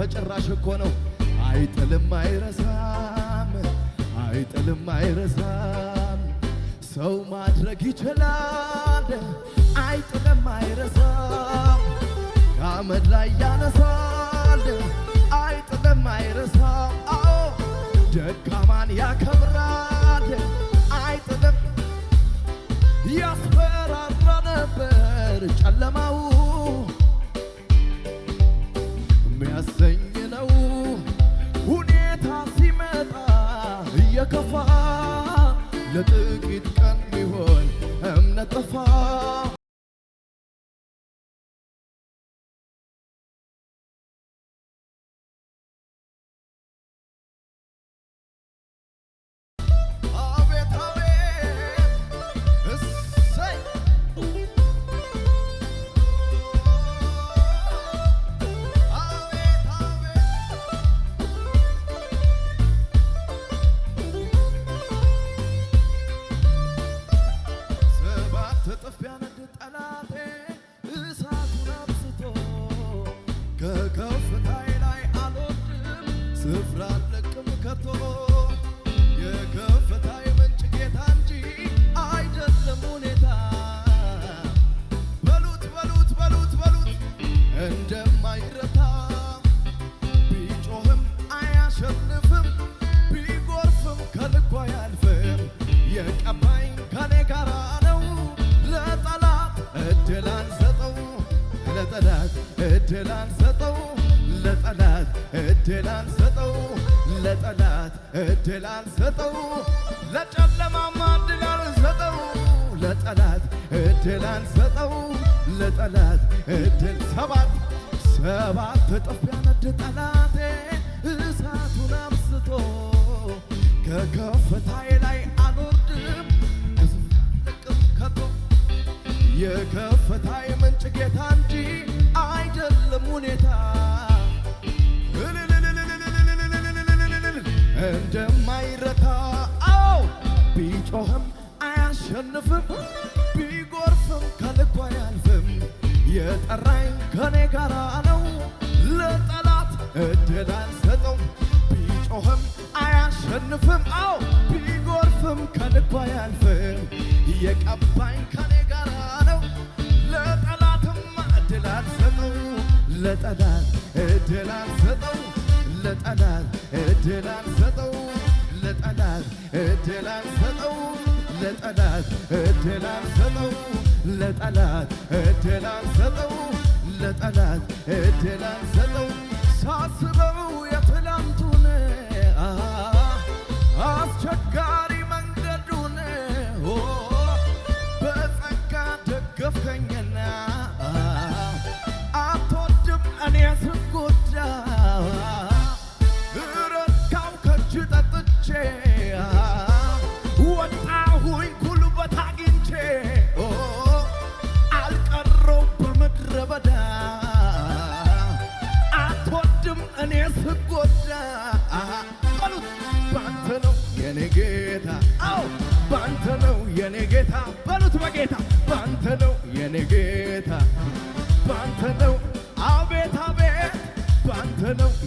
በጭራሽ እኮ ነው። አይጥልም አይረሳም፣ አይጥልም አይረሳም። ሰው ማድረግ ይችላል። አይጥልም አይረሳም። ከአመድ ላይ ያነሳል። አይጥልም አይረሳም። አዎ ደካማን ያከብራል። አይጥልም ያስፈራራ ነበር ጨለማው 话。ስፍራ አለቅም ከቶ የከፍታ የምንጭ ጌታ እንጂ አይደለም ሁኔታ። በሉት በሉት በሉት በሉት እንደማይረታ ቢጮህም አያሸንፍም ቢጎርፍም ከልኩ አያልፍም የቀባኝ ከኔ ጋራ ነው። ለጠላት እድል አንሰጠው ለጠላት እድል አንሰጠው ለጠላት እድል አንሰጠው ለጠላት እድል አልሰጠው፣ ለጨለማማ እድል አልሰጠው፣ ለጠላት እድል አልሰጠው፣ ለጠላት እድል ሰባት ሰባት እጥፍ ያነድ ጠላቴ እሳቱን አብስቶ ከከፍታዬ አያሸንፍም ቢጎርፍም ከልኩ አያልፍም የጠራኝ ከኔ ጋራ ነው ለጠላት እድል አልሰጠውም ቢጮህም አያሸንፍም አው ቢጎርፍም ከልኩ አያልፍም የቀባኝ ከኔ ጋራ ነው ለጠላትም እድል አልሰጠው ለጠላት እድል አልሰጠው ለጠላት እድል አልሰጠው ለጠላት እድል አልሰጠው ለጠላት እድል አንሰጠው ለጠላት እድል አንሰጠው ለጠላት እድል አንሰጠው ሳስበው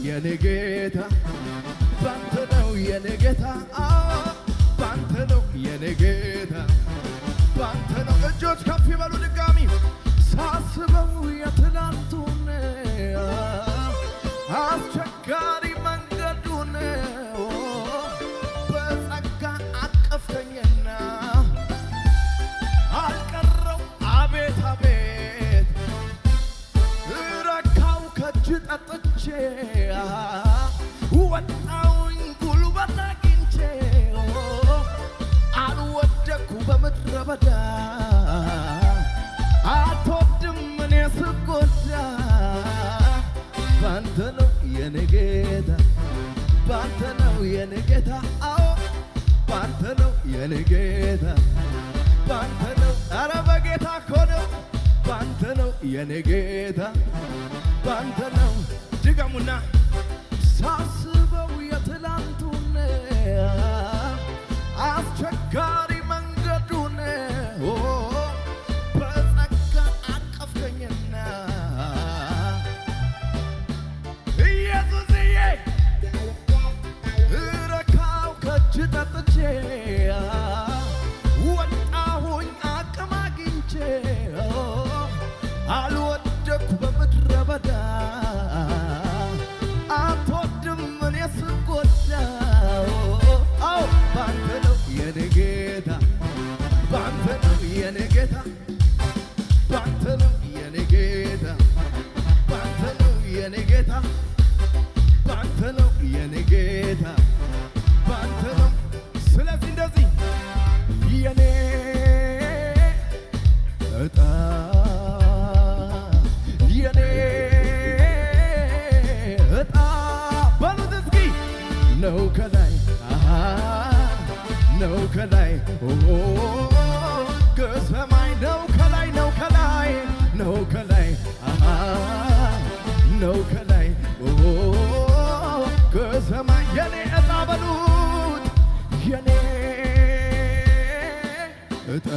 የኔ ጌታ ባንተ ነው የኔ ጌታ ባንተ ነው የኔ ጌታ ባንተ ነው። እጆች ከፍ ይበሉ ድጋሚ ሳስበው የትላንቱን የነጌታ ባንተ ነው የነጌታ ጌታ አዎ ባንተ ነው የነጌታ ባንተ ነው አረ በጌታ እኮ ነው ባንተ ነው የነጌታ ባንተ ነው ድገሙና ሳስበው የትላንቱን አስቸጋሪ ነው ከላይ ነው ከላይ ከሰማይ ነው ከላይ ነው ከላይ ነው ከላይ ነው ከላይ ከሰማይ የኔ እጣ በሉት የኔ እጣ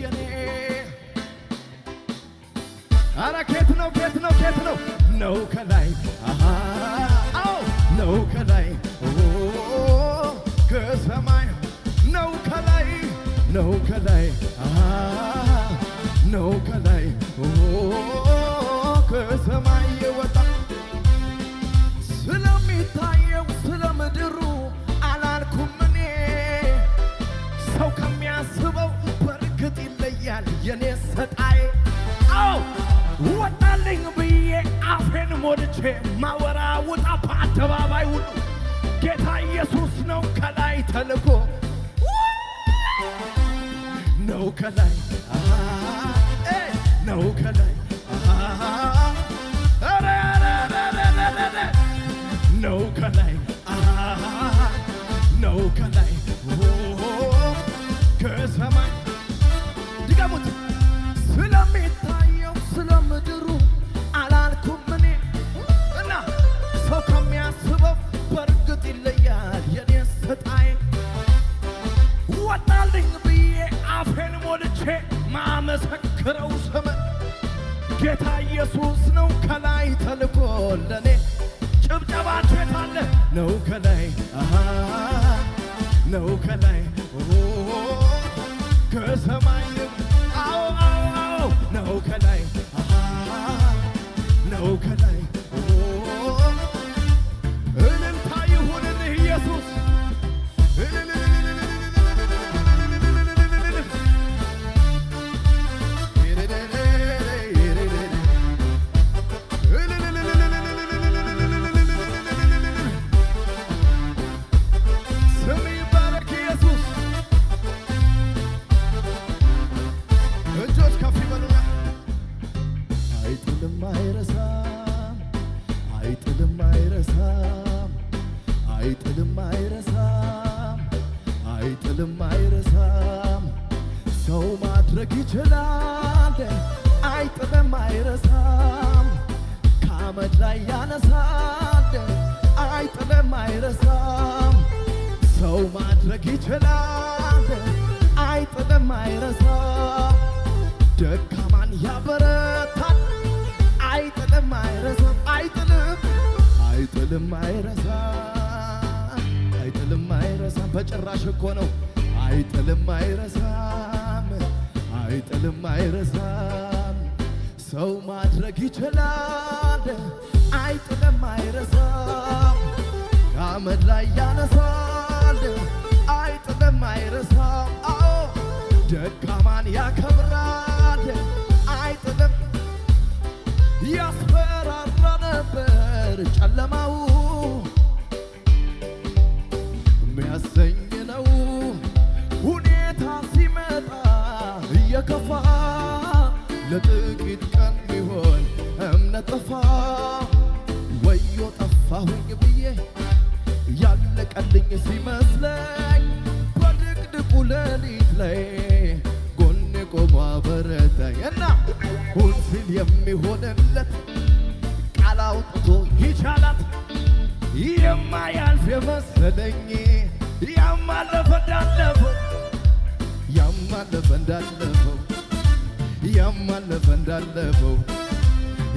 የኔ ኬት ነው ኬት ነው ኬት ነው ነው ከላይ ነው ከላይ ከሰማይ ነው ከላይ ነው ከላይ ነው ከላይ ከሰማይ ወድቼ ማወራ ውጣ በአደባባይ ሁሉ ጌታ ኢየሱስ ነው ከላይ ተልኮ ነው ከላይ ነው ከላይ ማመሰክረው ስም ጌታ ኢየሱስ ነው ከላይ ተልኮ ለኔ ጭብጨባችሁ የታለ ነው ከላይ ነው ከላይ ከሰማይ አዎ ነው ከላይ ነው ከላይ ይችላል አይጥልም አይረሳም ከአመድ ላይ ያነሳል አይጥልም አይረሳም ሰው ማድረግ ይችላል አይጥልም አይረሳም ደካማን ያበረታል አይጥልም አይረሳም አይጥልም አይጥልም አይረሳም አይጥልም አይረሳም በጭራሽ እኮ ነው አይጥልም አይረሳም አይጥልም አይረሳም ሰው ማድረግ ይችላል። አይጥልም አይረሳም ከአመድ ላይ ያነሳል። አይጥልም አይረሳም አዎ ደካማን ያከብራል። አይጥልም ያስፈራራ ነበር ጨለማው ጠፋ ለጥቂት ቀን ቢሆን እምነት ጠፋ ወዮ ጠፋሁኝ ብዬ ያለቀልኝ ሲመስለኝ በድቅድቁ ሌሊት ላይ ጎኔ ቆሞ አበረታኝ እና ሁን ሲል የሚሆንለት ቃል አውጥቶ ይቻላት የማያልፍ የመሰለኝ ያማለፈ እንዳለፈው ያማለፈ እንዳለፈው እያማለፈ እንዳለፈው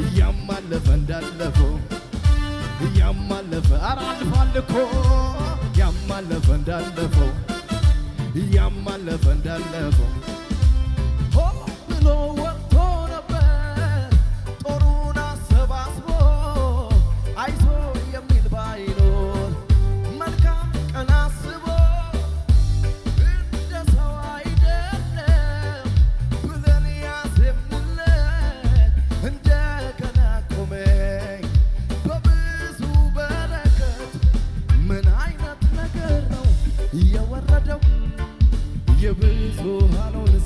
እያማለፈ እንዳለፈው እያማለፈ ኧረ አልፏል እኮ እያማለፈ እንዳለፈው እንዳለፈው ሆ ብሎ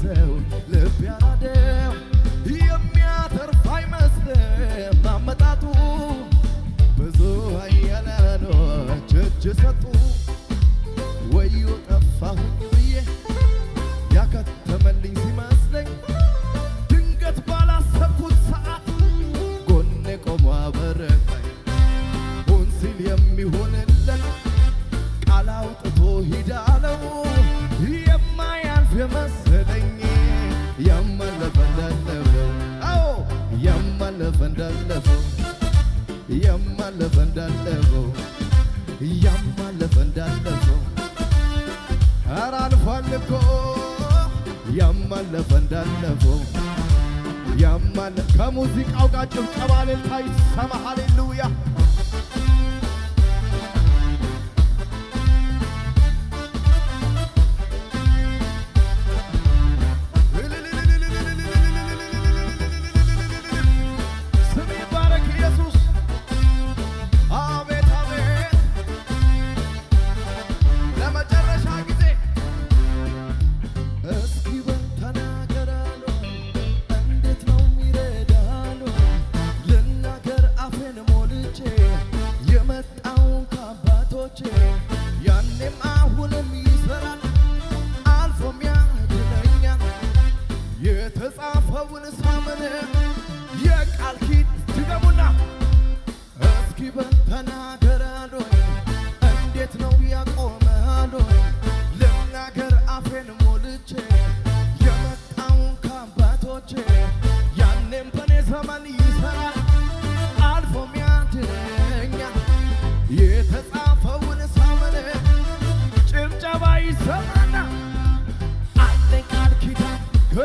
ይዘው ልብ ያላደ እንዳለፈ ከሙዚቃው ጋር ጭብጨባ ይሰማ ሃሌሉያ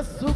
Rasul.